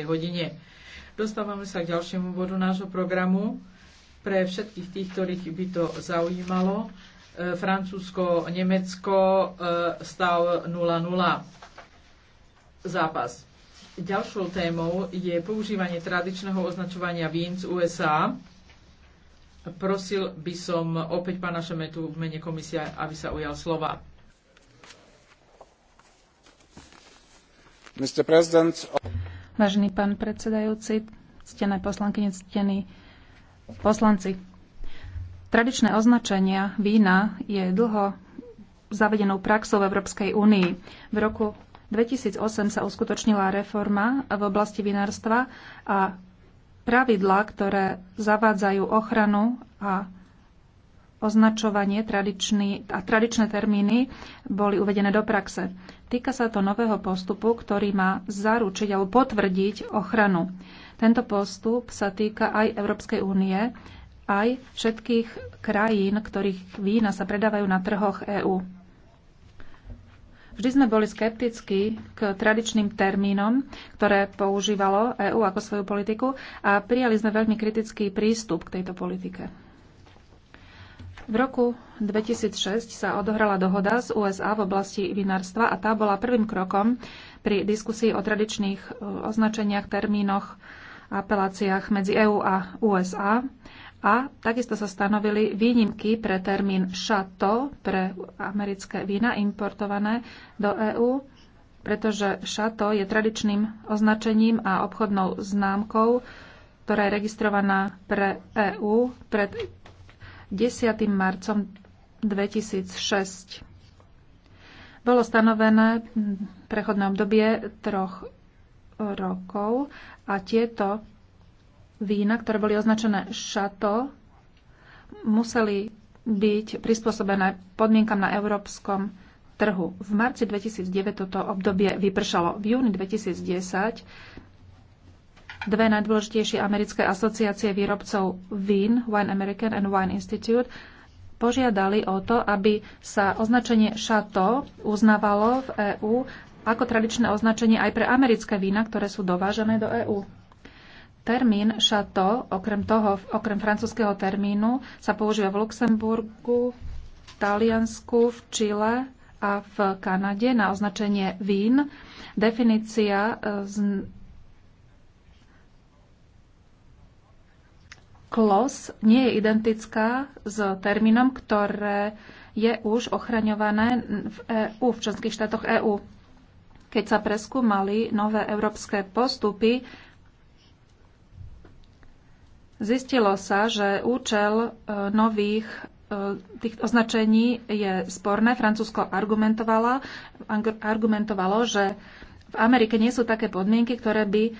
hodine. Dostávame sa k ďalšiemu bodu nášho programu. Pre všetkých tých, ktorých by to zaujímalo, e, Francúzsko, Nemecko, e, stav 0-0. Zápas. Ďalšou témou je používanie tradičného označovania vín z USA. Prosil by som opäť pána Šemetu v mene komisia, aby sa ujal slova. Mr. President, Vážený pán predsedajúci, ctené poslankyne, ctení poslanci. Tradičné označenia vína je dlho zavedenou praxou v Európskej únii. V roku 2008 sa uskutočnila reforma v oblasti vinárstva a pravidlá, ktoré zavádzajú ochranu a označovanie tradičný, a tradičné termíny boli uvedené do praxe. Týka sa to nového postupu, ktorý má zaručiť alebo potvrdiť ochranu. Tento postup sa týka aj Európskej únie, aj všetkých krajín, ktorých vína sa predávajú na trhoch EÚ. Vždy sme boli skeptickí k tradičným termínom, ktoré používalo EÚ ako svoju politiku a prijali sme veľmi kritický prístup k tejto politike. V roku 2006 sa odohrala dohoda z USA v oblasti vinárstva a tá bola prvým krokom pri diskusii o tradičných e, označeniach, termínoch, a apeláciách medzi EÚ a USA. A takisto sa stanovili výnimky pre termín šato pre americké vína importované do EÚ, pretože šato je tradičným označením a obchodnou známkou, ktorá je registrovaná pre EÚ pred 10. marcom 2006. Bolo stanovené prechodné obdobie troch rokov a tieto vína, ktoré boli označené šato, museli byť prispôsobené podmienkam na európskom trhu. V marci 2009 toto obdobie vypršalo. V júni 2010 dve najdôležitejšie americké asociácie výrobcov vín, Wine American and Wine Institute, požiadali o to, aby sa označenie Chateau uznávalo v EÚ ako tradičné označenie aj pre americké vína, ktoré sú dovážené do EÚ. Termín Chateau, okrem toho, okrem francúzského termínu, sa používa v Luxemburgu, v Taliansku, v Čile a v Kanade na označenie vín. Definícia e, Klos nie je identická s termínom, ktoré je už ochraňované v EU, v členských štátoch EÚ. Keď sa preskúmali nové európske postupy, zistilo sa, že účel e, nových e, tých označení je sporné. Francúzsko argumentovalo, argumentovalo že v Amerike nie sú také podmienky, ktoré by uh,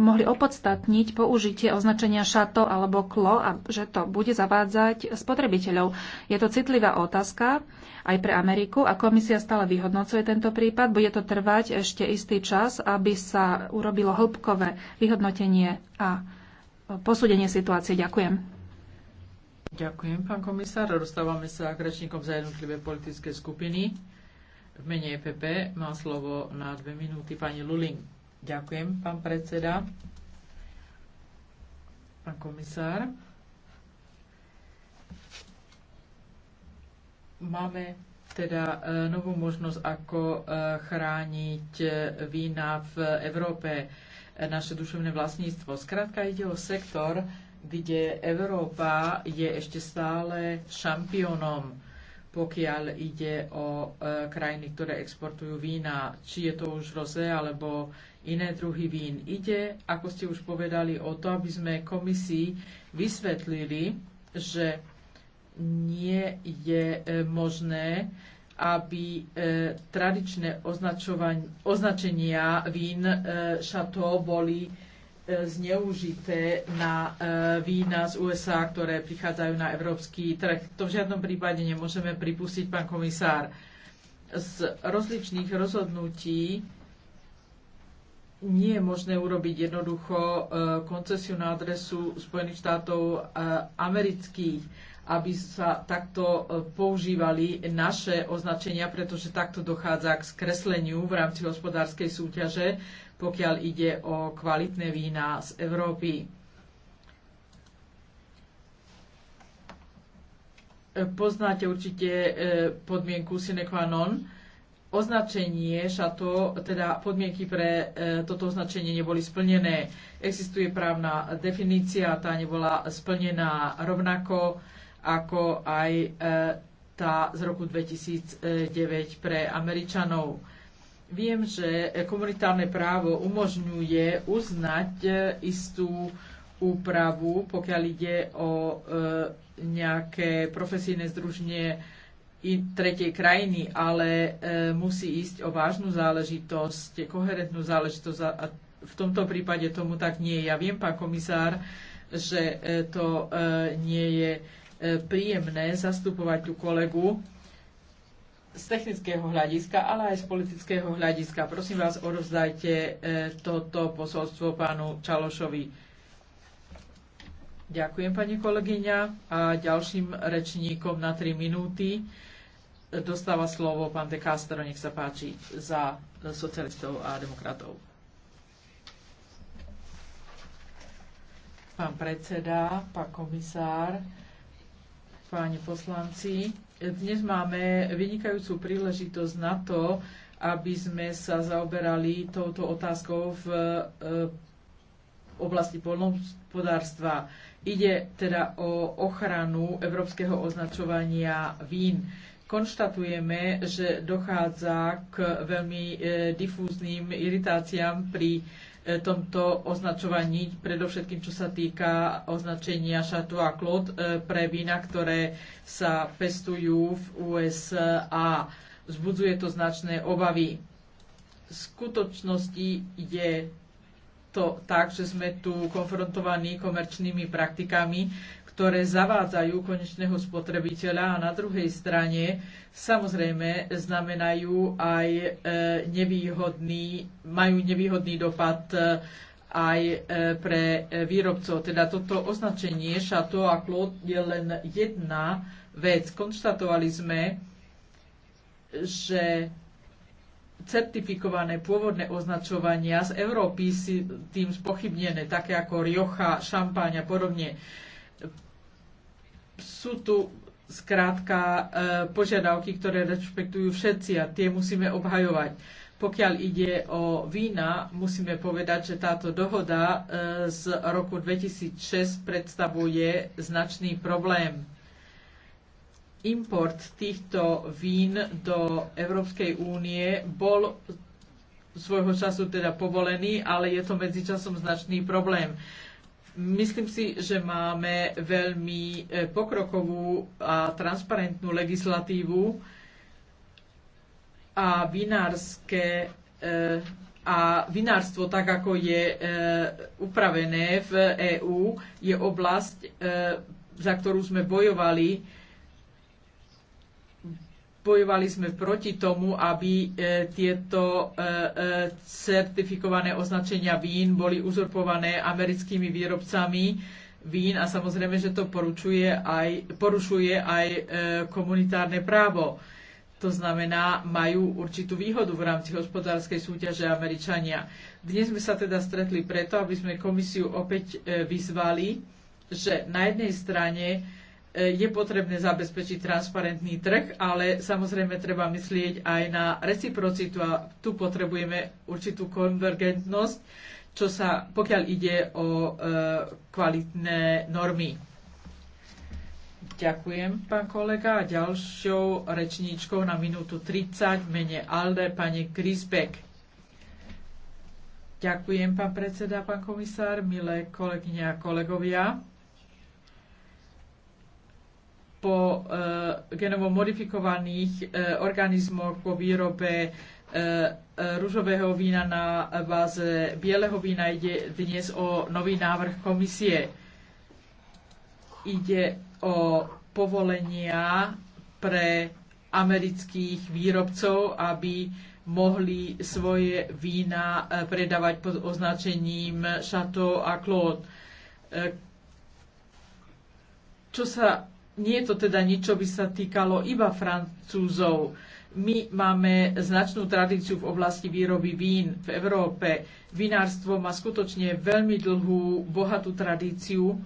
mohli opodstatniť použitie označenia šato alebo klo a že to bude zavádzať spotrebiteľov. Je to citlivá otázka aj pre Ameriku a komisia stále vyhodnocuje tento prípad. Bude to trvať ešte istý čas, aby sa urobilo hĺbkové vyhodnotenie a posúdenie situácie. Ďakujem. Ďakujem, pán komisár. Rozstávame sa k rečníkom za jednotlivé politické skupiny. V mene EPP má slovo na dve minúty pani Lulin. Ďakujem, pán predseda. Pán komisár. Máme teda e, novú možnosť, ako e, chrániť e, vína v Európe, naše duševné vlastníctvo. Skrátka ide o sektor, kde Európa je ešte stále šampiónom pokiaľ ide o e, krajiny, ktoré exportujú vína, či je to už rozé alebo iné druhy vín. Ide, ako ste už povedali, o to, aby sme komisii vysvetlili, že nie je e, možné, aby e, tradičné označenia vín e, boli E, zneužité na e, vína z USA, ktoré prichádzajú na európsky trh. To v žiadnom prípade nemôžeme pripustiť, pán komisár. Z rozličných rozhodnutí nie je možné urobiť jednoducho e, koncesiu na adresu Spojených štátov amerických, aby sa takto používali naše označenia, pretože takto dochádza k skresleniu v rámci hospodárskej súťaže pokiaľ ide o kvalitné vína z Európy. E, poznáte určite e, podmienku sine qua non. Označenie šato, teda podmienky pre e, toto označenie neboli splnené. Existuje právna definícia, tá nebola splnená rovnako ako aj tá z roku 2009 pre Američanov Viem, že komunitárne právo umožňuje uznať e, istú úpravu, pokiaľ ide o e, nejaké profesijné združenie tretej krajiny, ale e, musí ísť o vážnu záležitosť, koherentnú záležitosť a v tomto prípade tomu tak nie je. Ja viem, pán komisár, že to nie je príjemné zastupovať tú kolegu, z technického hľadiska, ale aj z politického hľadiska. Prosím vás, odovzdajte e, toto posolstvo pánu Čalošovi. Ďakujem, pani kolegyňa. A ďalším rečníkom na 3 minúty dostáva slovo pán De Castro, nech sa páči, za socialistov a demokratov. Pán predseda, pán komisár, páni poslanci, dnes máme vynikajúcu príležitosť na to, aby sme sa zaoberali touto otázkou v e, oblasti poľnohospodárstva. Ide teda o ochranu európskeho označovania vín. Konštatujeme, že dochádza k veľmi e, difúzným iritáciám pri E, tomto označovaní, predovšetkým čo sa týka označenia šatu a klot pre vína, ktoré sa pestujú v USA. Zbudzuje to značné obavy. V skutočnosti je to tak, že sme tu konfrontovaní komerčnými praktikami, ktoré zavádzajú konečného spotrebiteľa a na druhej strane samozrejme znamenajú aj e, nevýhodný, majú nevýhodný dopad e, aj e, pre výrobcov. Teda toto označenie šato a klot je len jedna vec. Konštatovali sme, že certifikované pôvodné označovania z Európy si tým spochybnené, také ako Riocha, šampáň a podobne sú tu zkrátka e, požiadavky, ktoré rešpektujú všetci a tie musíme obhajovať. Pokiaľ ide o vína, musíme povedať, že táto dohoda e, z roku 2006 predstavuje značný problém. Import týchto vín do Európskej únie bol svojho času teda povolený, ale je to medzičasom značný problém. Myslím si, že máme veľmi e, pokrokovú a transparentnú legislatívu a vinárske e, a vinárstvo, tak ako je e, upravené v EÚ, je oblasť, za ktorú sme bojovali bojovali sme proti tomu, aby e, tieto e, e, certifikované označenia vín boli uzurpované americkými výrobcami vín a samozrejme, že to poručuje aj, porušuje aj komunitárne právo. To znamená, majú určitú výhodu v rámci hospodárskej súťaže Američania. Dnes sme sa teda stretli preto, aby sme komisiu opäť vyzvali, že na jednej strane E, je potrebné zabezpečiť transparentný trh, ale samozrejme treba myslieť aj na reciprocitu a tu potrebujeme určitú konvergentnosť, čo sa, pokiaľ ide o e, kvalitné normy. Ďakujem, pán kolega. A ďalšou rečníčkou na minútu 30 v mene ALDE pani Grisbeck. Ďakujem, pán predseda, pán komisár, milé kolegyne a kolegovia po eh, genovo modifikovaných eh, organizmoch po výrobe eh, rúžového vína na báze bieleho vína ide dnes o nový návrh komisie. Ide o povolenia pre amerických výrobcov, aby mohli svoje vína predávať pod označením Chateau a Claude. Čo sa nie je to teda nič, čo by sa týkalo iba Francúzov. My máme značnú tradíciu v oblasti výroby vín v Európe. Vinárstvo má skutočne veľmi dlhú, bohatú tradíciu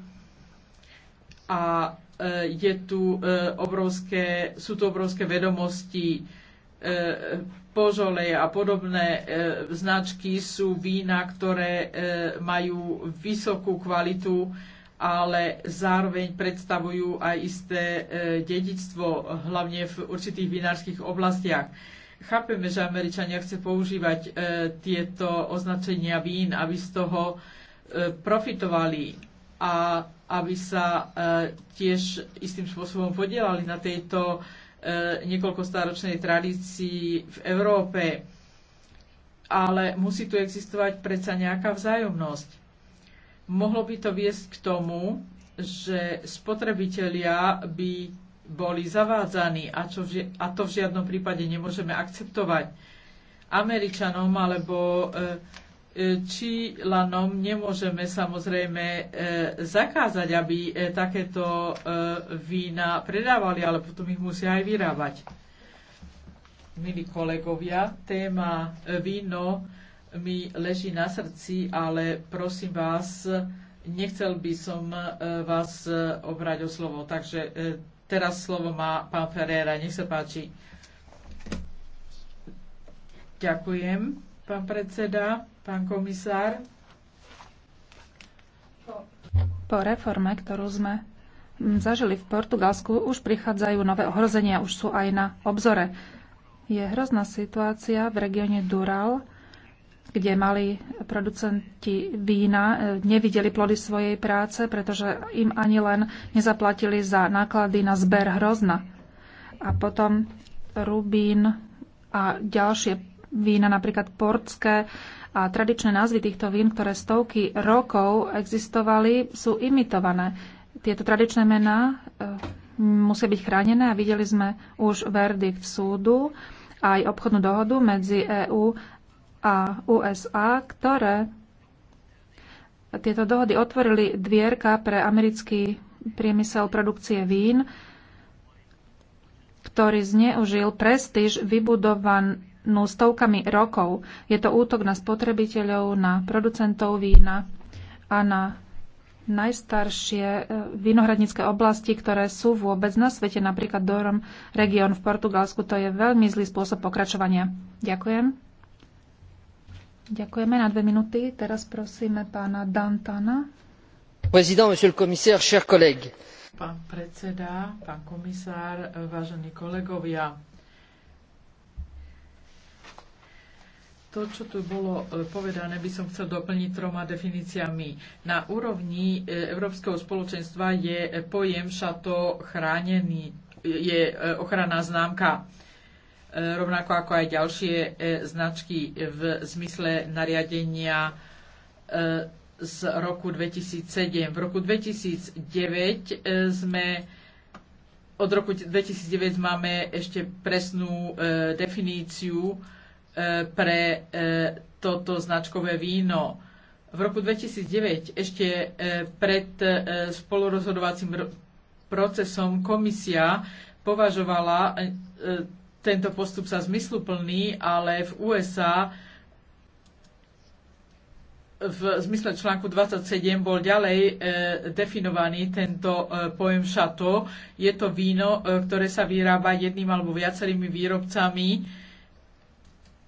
a e, je tu e, obrovské, sú tu obrovské vedomosti. E, požole a podobné značky sú vína, ktoré majú vysokú kvalitu ale zároveň predstavujú aj isté e, dedičstvo, hlavne v určitých vinárskych oblastiach. Chápeme, že Američania chce používať e, tieto označenia vín, aby z toho e, profitovali a aby sa tiež istým spôsobom podielali na tejto niekoľkostáročnej tradícii v Európe. Ale musí tu existovať predsa nejaká vzájomnosť Mohlo by to viesť k tomu, že spotrebitelia by boli zavádzaní a, čo, a to v žiadnom prípade nemôžeme akceptovať. Američanom alebo e, e, Čílanom nemôžeme samozrejme e, zakázať, aby takéto vína predávali, ale potom ich musia aj vyrábať. Milí kolegovia, téma víno mi leží na srdci, ale prosím vás, nechcel by som e, vás e, obrať o slovo. Takže e, teraz slovo má pán Ferreira. Nech sa páči. Ďakujem, pán predseda, pán komisár. Po reforme, ktorú sme zažili v Portugalsku, už prichádzajú nové ohrozenia, už sú aj na obzore. Je hrozná situácia v regióne Dural, kde mali producenti vína, e, nevideli plody svojej práce, pretože im ani len nezaplatili za náklady na zber hrozna. A potom rubín a ďalšie vína, napríklad portské a tradičné názvy týchto vín, ktoré stovky rokov existovali, sú imitované. Tieto tradičné mená e, musia byť chránené a videli sme už verdikt súdu aj obchodnú dohodu medzi EÚ a USA, ktoré tieto dohody otvorili dvierka pre americký priemysel produkcie vín, ktorý zneužil prestíž vybudovanú stovkami rokov. Je to útok na spotrebiteľov, na producentov vína a na najstaršie e, vinohradnícke oblasti, ktoré sú vôbec na svete, napríklad Dorom, región v Portugalsku. To je veľmi zlý spôsob pokračovania. Ďakujem. Ďakujeme na dve minúty. Teraz prosíme pána Dantana. Président, monsieur le commissaire, chers collègues. Pán predseda, pán komisár, vážení kolegovia. To, čo tu bolo e, povedané, by som chcel doplniť troma definíciami. Na úrovni e, Európskeho spoločenstva je pojem šato chránený, je e, ochranná známka E, rovnako ako aj ďalšie e, značky v zmysle nariadenia e, z roku 2007. V roku 2009 sme od roku 2009 máme ešte presnú definíciu pre toto značkové víno. V roku 2009 ešte pred spolurozhodovacím procesom komisia považovala tento postup sa zmysluplný, ale v USA v zmysle článku 27 bol ďalej e, definovaný tento e, pojem šato. Je to víno, e, ktoré sa vyrába jedným alebo viacerými výrobcami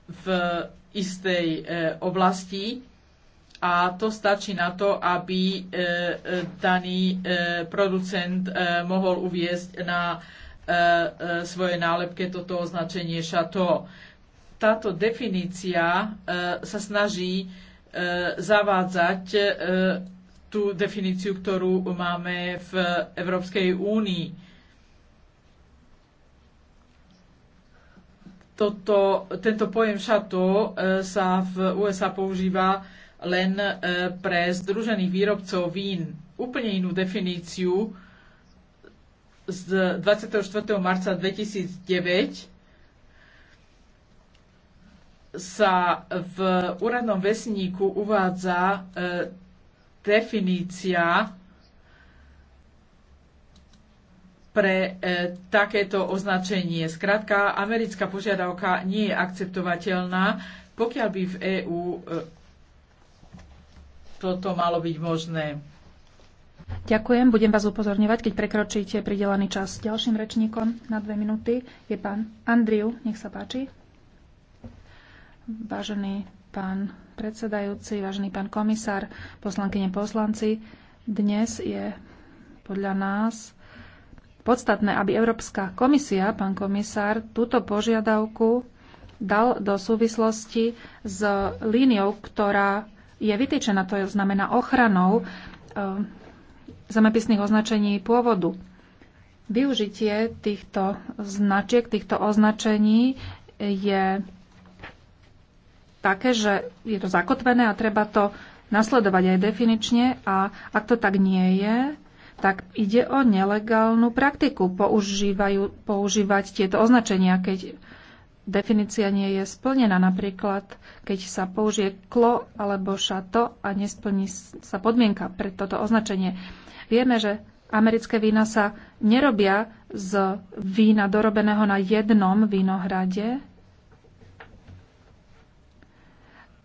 v istej e, oblasti a to stačí na to, aby e, e daný e, producent e, mohol uviezť na e, E, e, svojej nálepke toto označenie šato. Táto definícia e, sa snaží zavádzať tú definíciu, ktorú máme v Európskej únii. Toto, tento pojem šato sa v USA používa len pre združených výrobcov vín. Úplne inú definíciu z 24. marca 2009 sa v úradnom vesníku uvádza e, definícia pre e, takéto označenie. Skrátka, americká požiadavka nie je akceptovateľná, pokiaľ by v EÚ e, toto malo byť možné. Ďakujem, budem vás upozorňovať, keď prekročíte pridelený čas. Ďalším rečníkom na dve minúty je pán Andriu, nech sa páči. Vážený pán predsedajúci, vážený pán komisár, poslankyne poslanci, dnes je podľa nás podstatné, aby Európska komisia, pán komisár, túto požiadavku dal do súvislosti s líniou, ktorá je vytýčená, to je, znamená ochranou ehm, zemepisných označení pôvodu. Využitie týchto značiek, týchto označení je také, že je to zakotvené a treba to nasledovať aj definične a ak to tak nie je, tak ide o nelegálnu praktiku používajú, používať tieto označenia, keď definícia nie je splnená. Napríklad, keď sa použije klo alebo šato a nesplní sa podmienka pre toto označenie. Vieme, že americké vína sa nerobia z vína dorobeného na jednom vinohrade.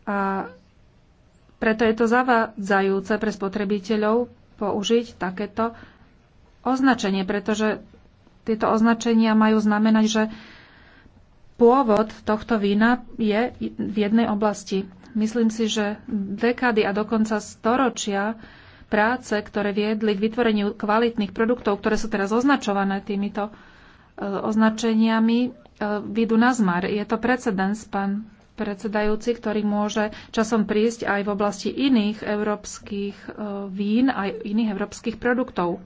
A preto je to zavádzajúce pre spotrebiteľov použiť takéto označenie, pretože tieto označenia majú znamenať, že pôvod tohto vína je v jednej oblasti. Myslím si, že dekády a dokonca storočia práce, ktoré viedli k vytvoreniu kvalitných produktov, ktoré sú teraz označované týmito e, označeniami, e, vidú na zmar. Je to precedens, pán predsedajúci, ktorý môže časom prísť aj v oblasti iných európskych e, vín, aj iných európskych produktov.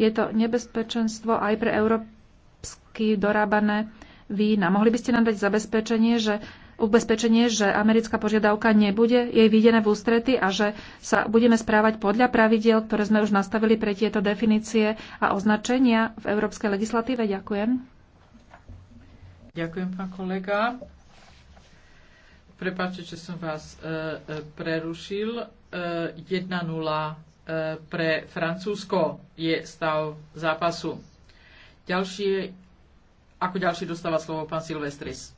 Je to nebezpečenstvo aj pre európsky dorábané vína. Mohli by ste nám dať zabezpečenie, že ubezpečenie, že americká požiadavka nebude jej videné v ústrety a že sa budeme správať podľa pravidiel, ktoré sme už nastavili pre tieto definície a označenia v európskej legislatíve. Ďakujem. Ďakujem, pán kolega. Prepáčte, že som vás e, e, prerušil. E, 1-0 e, pre Francúzsko je stav zápasu. Ďalšie, ako ďalší dostáva slovo pán Silvestris.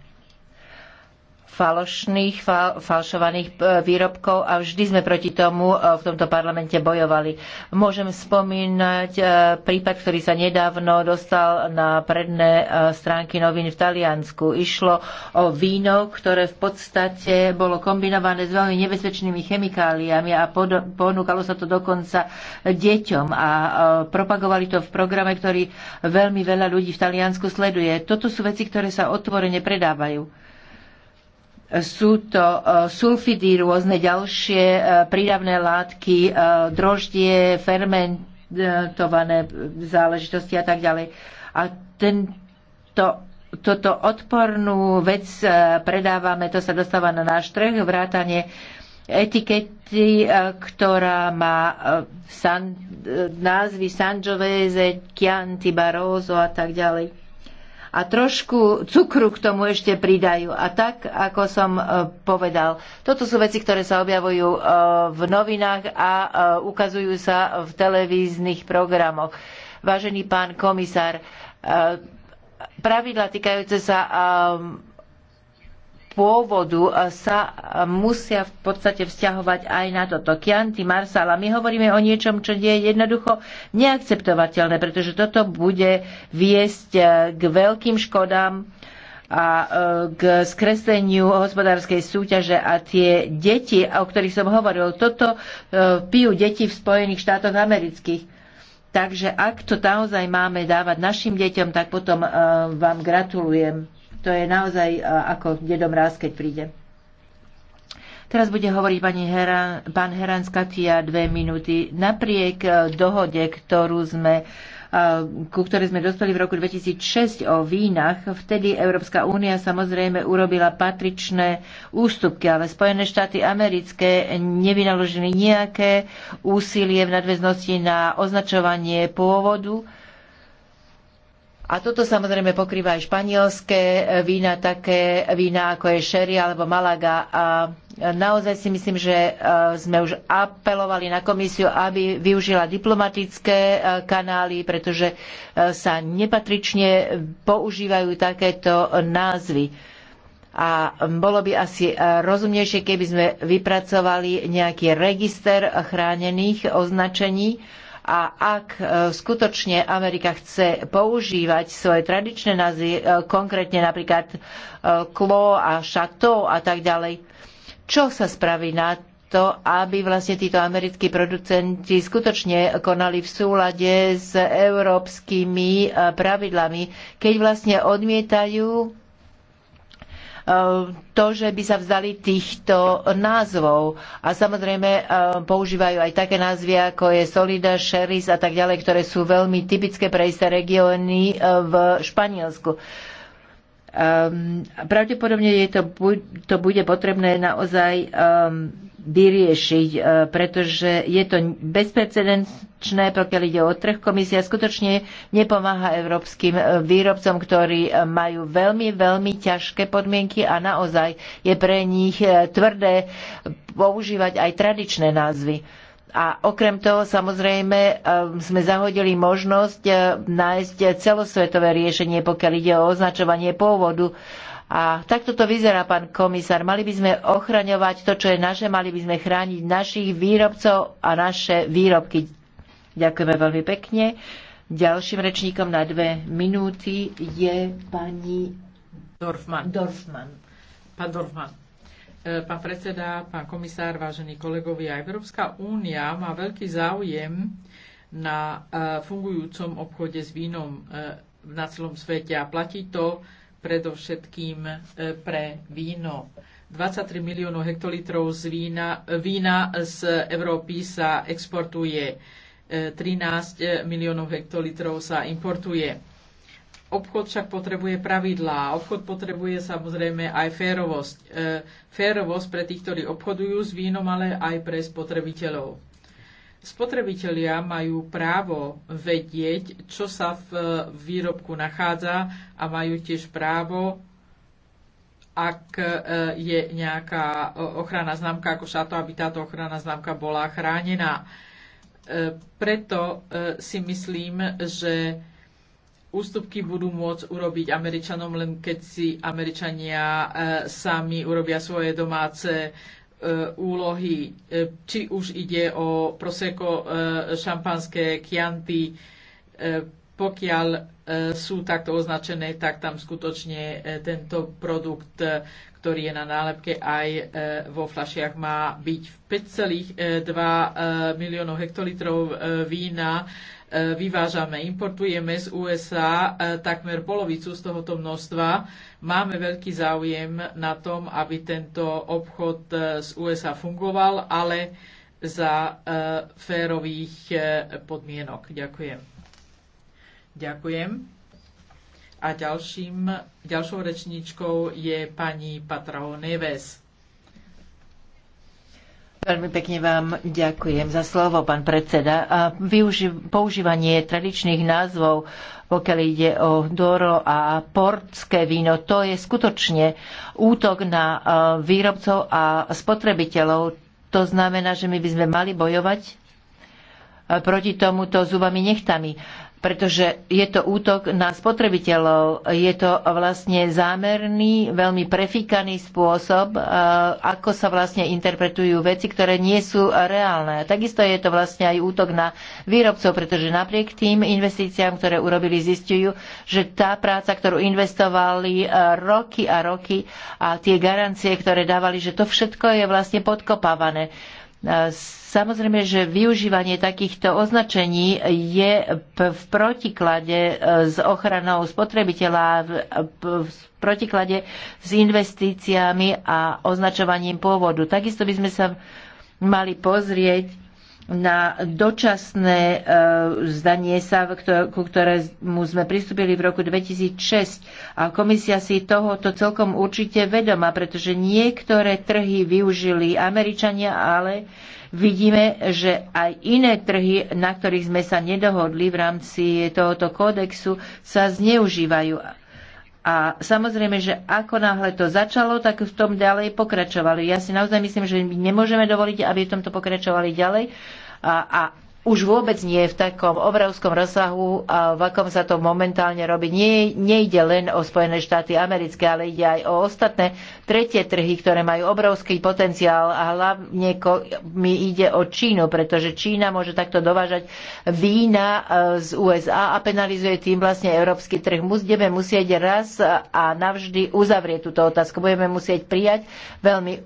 falošných, falšovaných e, výrobkov a vždy sme proti tomu e, v tomto parlamente bojovali. Môžem spomínať e, prípad, ktorý sa nedávno dostal na predné stránky novín v Taliansku. Išlo o víno, ktoré v podstate bolo kombinované s veľmi nebezpečnými chemikáliami a ponúkalo sa to dokonca deťom a propagovali to v programe, ktorý veľmi veľa ľudí v Taliansku sleduje. Toto sú veci, ktoré sa otvorene predávajú. Sú to e, sulfidy, rôzne ďalšie e, prídavné látky, e, droždie, fermentované záležitosti a tak ďalej. A tento toto odpornú vec predávame, to sa dostáva na náš trh, vrátanie etikety, ktorá má san, názvy Sangiovese, Chianti, Barroso a tak ďalej a trošku cukru k tomu ešte pridajú. A tak, ako som e, povedal, toto sú veci, ktoré sa objavujú e, v novinách a e, ukazujú sa v televíznych programoch. Vážený pán komisár, pravidla týkajúce sa pôvodu e, sa e, musia v podstate vzťahovať aj na toto. Kianti Marsala, my hovoríme o niečom, čo nie je jednoducho neakceptovateľné, pretože toto bude viesť e, k veľkým škodám a k skresleniu hospodárskej súťaže a tie deti, o ktorých som hovoril, toto pijú deti v Spojených štátoch amerických. Takže ak to naozaj máme dávať našim deťom, tak potom vám gratulujem. To je naozaj e, ako dedom ráz, keď príde. Teraz bude hovoriť pani Heran, pán Heran Skatia dve minúty. Napriek e, dohode, ktorú sme e, ku ktorej sme dostali v roku 2006 o vínach, vtedy Európska únia samozrejme urobila patričné ústupky, ale Spojené štáty americké nevynaložili nejaké úsilie v nadväznosti na označovanie pôvodu a toto samozrejme pokrýva aj španielské e, vína, také vína ako je sherry alebo Malaga. A e, naozaj si myslím, že e, sme už apelovali na komisiu, aby využila diplomatické kanály, pretože sa nepatrične používajú takéto názvy a bolo by asi rozumnejšie, keby sme vypracovali nejaký register chránených označení a ak e, skutočne Amerika chce používať svoje tradičné názvy, e, konkrétne napríklad e, Klo a Chateau a tak ďalej, čo sa spraví na to, aby vlastne títo americkí producenti skutočne konali v súlade s európskymi pravidlami, keď vlastne odmietajú Eh, to, že by sa vzdali týchto názvov. A samozrejme eh, používajú aj také názvy, ako je Solida, Sheris a tak ďalej, ktoré sú veľmi typické pre isté regióny eh, v Španielsku. Um, pravdepodobne je to, to bude potrebné naozaj um, vyriešiť, uh, pretože je to bezprecedenčné, pokiaľ ide o trh. Komisia skutočne nepomáha európskym eh, výrobcom, ktorí eh, majú veľmi, veľmi ťažké podmienky a naozaj je pre nich tvrdé používať aj tradičné názvy. A okrem toho, samozrejme, e, sme zahodili možnosť e, nájsť celosvetové riešenie, pokiaľ ide o označovanie pôvodu. A takto to vyzerá, pán komisár. Mali by sme ochraňovať to, čo je naše, mali by sme chrániť našich výrobcov a naše výrobky. Ďakujeme veľmi pekne. Ďalším rečníkom na dve minúty je pani Dorfman. Dorfman. Pán Dorfman. Eh, pán predseda, pán komisár, vážení kolegovia. Európska únia má veľký záujem na eh, fungujúcom obchode s vínom eh, na celom svete a platí to predovšetkým pre víno. 23 miliónov hektolitrov z vína, vína z Európy sa exportuje, 13 miliónov hektolitrov sa importuje Obchod však potrebuje pravidlá. Obchod potrebuje samozrejme aj férovosť. E, férovosť pre tých, ktorí obchodujú s vínom, ale aj pre spotrebiteľov. Spotrebitelia majú právo vedieť, čo sa v e, výrobku nachádza a majú tiež právo, ak e, je nejaká e, ochrana známka ako šato, aby táto ochrana známka bola chránená. preto si myslím, že ústupky budú môcť urobiť Američanom len keď si Američania e, sami urobia svoje domáce e, úlohy. E, či už ide o proseko, šampanské, kianty, pokiaľ sú takto označené, tak tam skutočne tento produkt, ktorý je na nálepke aj vo flašiach, má byť v 5,2 miliónov hektolitrov vína E, vyvážame, importujeme z USA e, takmer polovicu z tohoto množstva. Máme veľký záujem na tom, aby tento obchod e, z USA fungoval, ale za férových podmienok. Ďakujem. Ďakujem. A ďalším, ďalšou rečníčkou je pani Patrao Neves. Veľmi pekne vám ďakujem za slovo, pán predseda. A využi- používanie tradičných názvov, pokiaľ ide o Doro a portské víno, to je skutočne útok na e, výrobcov a spotrebiteľov. To znamená, že my by sme mali bojovať e, proti tomuto zubami nechtami pretože je to útok na spotrebiteľov. Je to vlastne zámerný, veľmi prefíkaný spôsob, e, ako sa vlastne interpretujú veci, ktoré nie sú reálne. Takisto je to vlastne aj útok na výrobcov, pretože napriek tým investíciám, ktoré urobili, zistujú, že tá práca, ktorú investovali e, roky a roky a tie garancie, ktoré dávali, že to všetko je vlastne podkopávané Samozrejme, že využívanie takýchto označení je v protiklade e, s ochranou spotrebiteľa, v protiklade s investíciami a označovaním pôvodu. Takisto by sme sa mali pozrieť na dočasné e, zdanie sa, ku ktorému sme pristúpili v roku 2006. A komisia si tohoto celkom určite vedoma, pretože niektoré trhy využili Američania, ale vidíme, že aj iné trhy, na ktorých sme sa nedohodli v rámci tohoto kódexu, sa zneužívajú a samozrejme, že ako náhle to začalo, tak v tom ďalej pokračovali. Ja si naozaj myslím, že my nemôžeme dovoliť, aby v tomto pokračovali ďalej. A, a už vôbec nie v takom obrovskom rozsahu, a v akom sa to momentálne robí. Nie, nejde len o Spojené štáty americké, ale ide aj o ostatné tretie trhy, ktoré majú obrovský potenciál a hlavne mi ide o Čínu, pretože Čína môže takto dovážať vína e, z USA a penalizuje tým vlastne európsky trh. Budeme musieť raz a navždy uzavrieť túto otázku. Budeme musieť prijať veľmi e,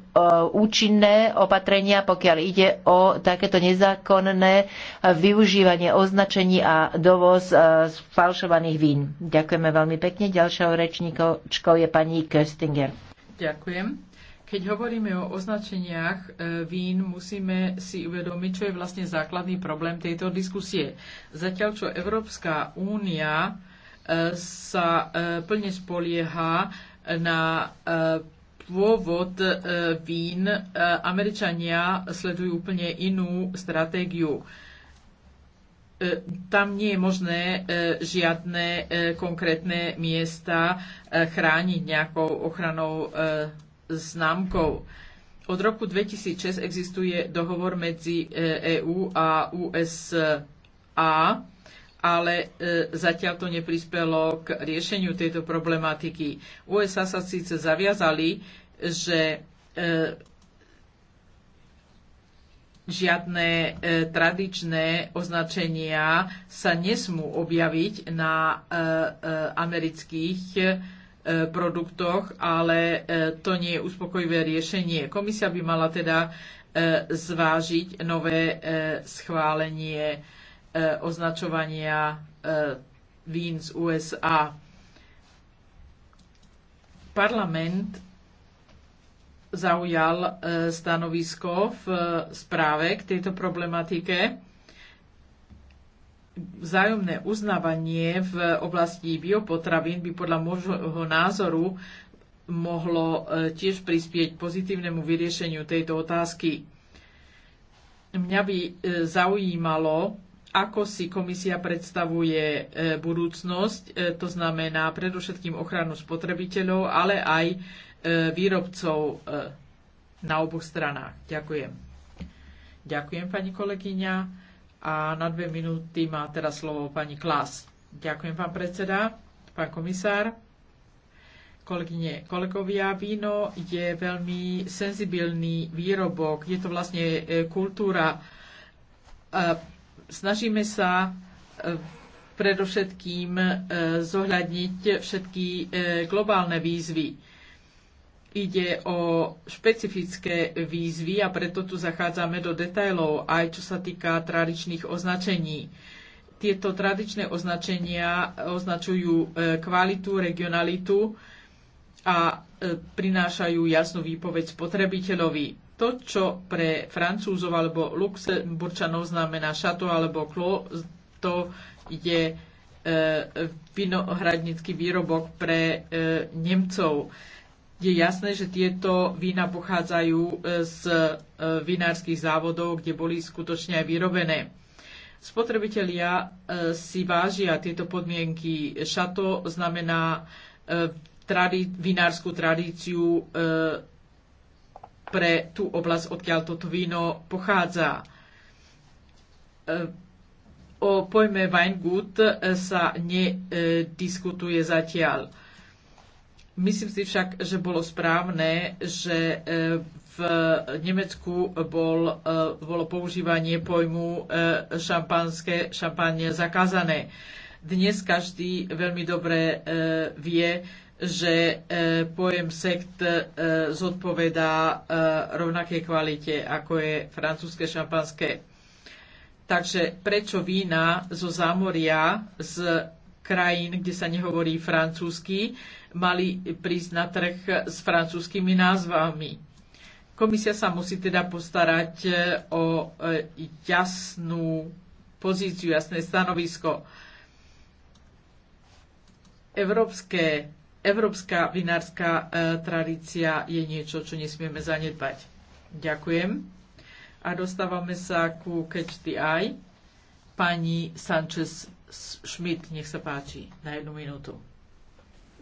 účinné opatrenia, pokiaľ ide o takéto nezákonné využívanie označení a dovoz falšovaných e, vín. Ďakujeme veľmi pekne. Ďalšou rečníčkou je pani Köstinger. Ďakujem. Keď hovoríme o označeniach e, vín, musíme si uvedomiť, čo je vlastne základný problém tejto diskusie. Zatiaľ, čo Európska únia e, sa plne spolieha na pôvod vín Američania sledujú úplne inú stratégiu. E, tam nie je možné e, žiadne e, konkrétne miesta chrániť nejakou ochranou známkou. Od roku 2006 existuje dohovor medzi EÚ a USA, ale zatiaľ to neprispelo k riešeniu tejto problematiky. USA sa síce zaviazali, že žiadne e, tradičné označenia sa nesmú objaviť na e, e, amerických e, produktoch, ale e, to nie je uspokojivé riešenie. Komisia by mala teda e, zvážiť nové e, schválenie e, označovania e, vín z USA. Parlament zaujal e, stanovisko v e, správe k tejto problematike. Vzájomné uznávanie v oblasti biopotravín by podľa môjho názoru mohlo e, tiež prispieť pozitívnemu vyriešeniu tejto otázky. Mňa by zaujímalo, ako si komisia predstavuje budúcnosť, to znamená predovšetkým ochranu spotrebiteľov, ale aj E, výrobcov e, na oboch stranách. Ďakujem. Ďakujem, pani kolegyňa. A na dve minúty má teraz slovo pani Klas. Ďakujem, pán predseda, pán komisár. Kolegyne, kolegovia, víno je veľmi senzibilný výrobok. Je to vlastne e, kultúra. Snažíme sa predovšetkým zohľadniť všetky globálne výzvy Ide o špecifické výzvy a preto tu zachádzame do detajlov, aj čo sa týka tradičných označení. Tieto tradičné označenia e, označujú e, kvalitu, regionalitu a e, prinášajú jasnú výpoveď spotrebiteľovi. To, čo pre Francúzov alebo Luxemburčanov znamená šato alebo klo, to je vinohradnický výrobok pre Nemcov je jasné, že tieto vína pochádzajú e, z e, vinárskych závodov, kde boli skutočne aj vyrobené. Spotrebitelia e, si vážia tieto podmienky. Šato znamená tradi- vinárskú tradíciu pre tú oblasť, odkiaľ toto víno pochádza. O pojme Weingut sa nediskutuje zatiaľ Myslím si však, že bolo správne, že e, v Nemecku bol, e, bolo používanie pojmu e, šampanské, šampanie zakázané. Dnes každý veľmi dobre vie, že pojem sekt zodpovedá rovnakej kvalite, ako je francúzske šampanské. Takže prečo vína zo zámoria z krajín, kde sa nehovorí francúzsky, mali prísť na trh s francúzskými názvami. Komisia sa musí teda postarať e, o e, jasnú pozíciu, jasné stanovisko. Európske, európska vinárska e, tradícia je niečo, čo nesmieme zanedbať. Ďakujem. A dostávame sa ku Catch the Eye. Pani Sanchez Schmidt, nech sa páči, na jednu minútu.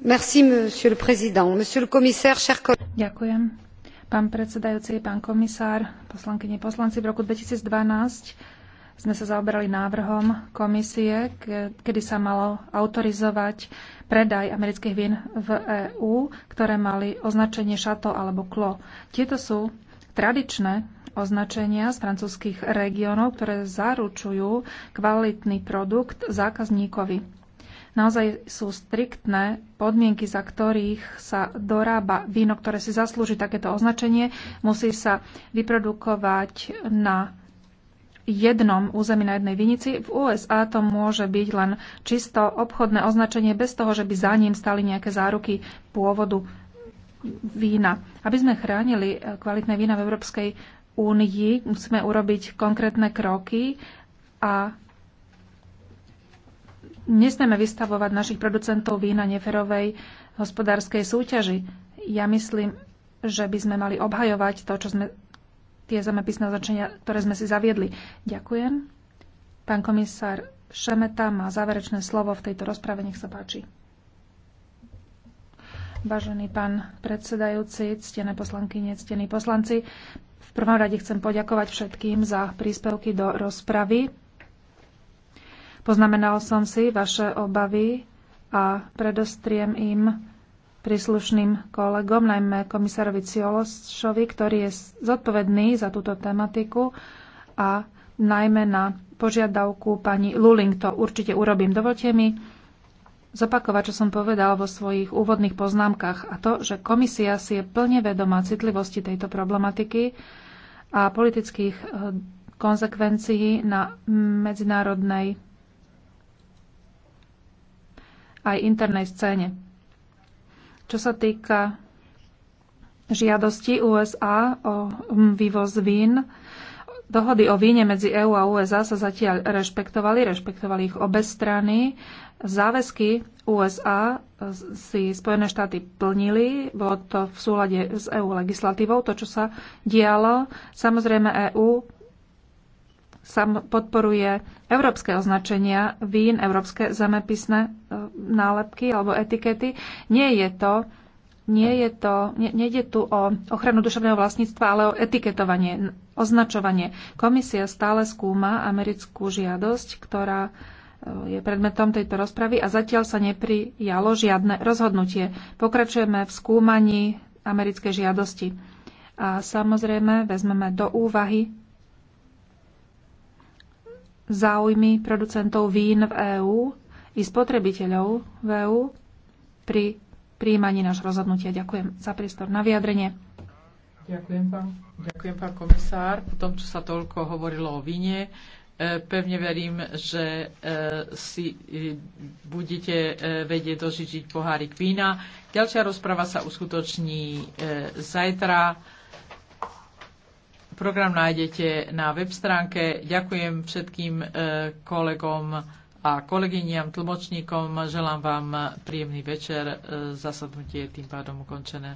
Merci, monsieur le président. Monsieur le commissaire, chers collègues. Ďakujem. Pán predsedajúci, pán komisár, poslankyne, poslanci, v roku 2012 sme sa zaoberali návrhom komisie, kedy sa malo autorizovať predaj amerických vín v EÚ, ktoré mali označenie šato alebo klo. Tieto sú tradičné označenia z francúzskych regiónov, ktoré zaručujú kvalitný produkt zákazníkovi. Naozaj sú striktné podmienky, za ktorých sa dorába víno, ktoré si zaslúži takéto označenie. Musí sa vyprodukovať na jednom území na jednej vinici. V USA to môže byť len čisto obchodné označenie bez toho, že by za ním stali nejaké záruky pôvodu vína. Aby sme chránili kvalitné vína v Európskej únii musíme urobiť konkrétne kroky a nesmieme vystavovať našich producentov vína neferovej hospodárskej súťaži. Ja myslím, že by sme mali obhajovať to, čo sme, tie zemepisné označenia, ktoré sme si zaviedli. Ďakujem. Pán komisár Šemeta má záverečné slovo v tejto rozprave. Nech sa páči. Vážený pán predsedajúci, ctené poslanky, ctení poslanci, v prvom rade chcem poďakovať všetkým za príspevky do rozpravy. Poznamenal som si vaše obavy a predostriem im príslušným kolegom, najmä komisárovi Ciološovi, ktorý je zodpovedný za túto tematiku a najmä na požiadavku pani Luling to určite urobím. Dovolte mi zopakovať, čo som povedal vo svojich úvodných poznámkach a to, že komisia si je plne vedomá citlivosti tejto problematiky a politických eh, konsekvencií na medzinárodnej aj internej scéne. Čo sa týka žiadosti USA o mm, vývoz vín, Dohody o víne medzi EÚ a USA sa zatiaľ rešpektovali, rešpektovali ich obe strany. Záväzky USA si Spojené štáty plnili, bolo to v súlade s EÚ legislatívou, to, čo sa dialo. Samozrejme EÚ sam podporuje európske označenia vín, európske zemepisné e, nálepky alebo etikety. Nie je to nie je to, ne, nejde tu o ochranu duševného vlastníctva, ale o etiketovanie, označovanie. Komisia stále skúma americkú žiadosť, ktorá e, je predmetom tejto rozpravy a zatiaľ sa neprijalo žiadne rozhodnutie. Pokračujeme v skúmaní americkej žiadosti. A samozrejme vezmeme do úvahy záujmy producentov vín v EÚ i spotrebiteľov v EÚ pri prijímaní náš rozhodnutia. Ďakujem za priestor na vyjadrenie. Ďakujem pán, ďakujem, pán komisár. Po tom, čo sa toľko hovorilo o vine, e, pevne verím, že e, si e, budete vedieť dožičiť pohárik vína. Ďalšia rozprava sa uskutoční zajtra. Program nájdete na web stránke. Ďakujem všetkým kolegom a kolegyniam, tlmočníkom želám vám príjemný večer. E, zasadnutie je tým pádom ukončené.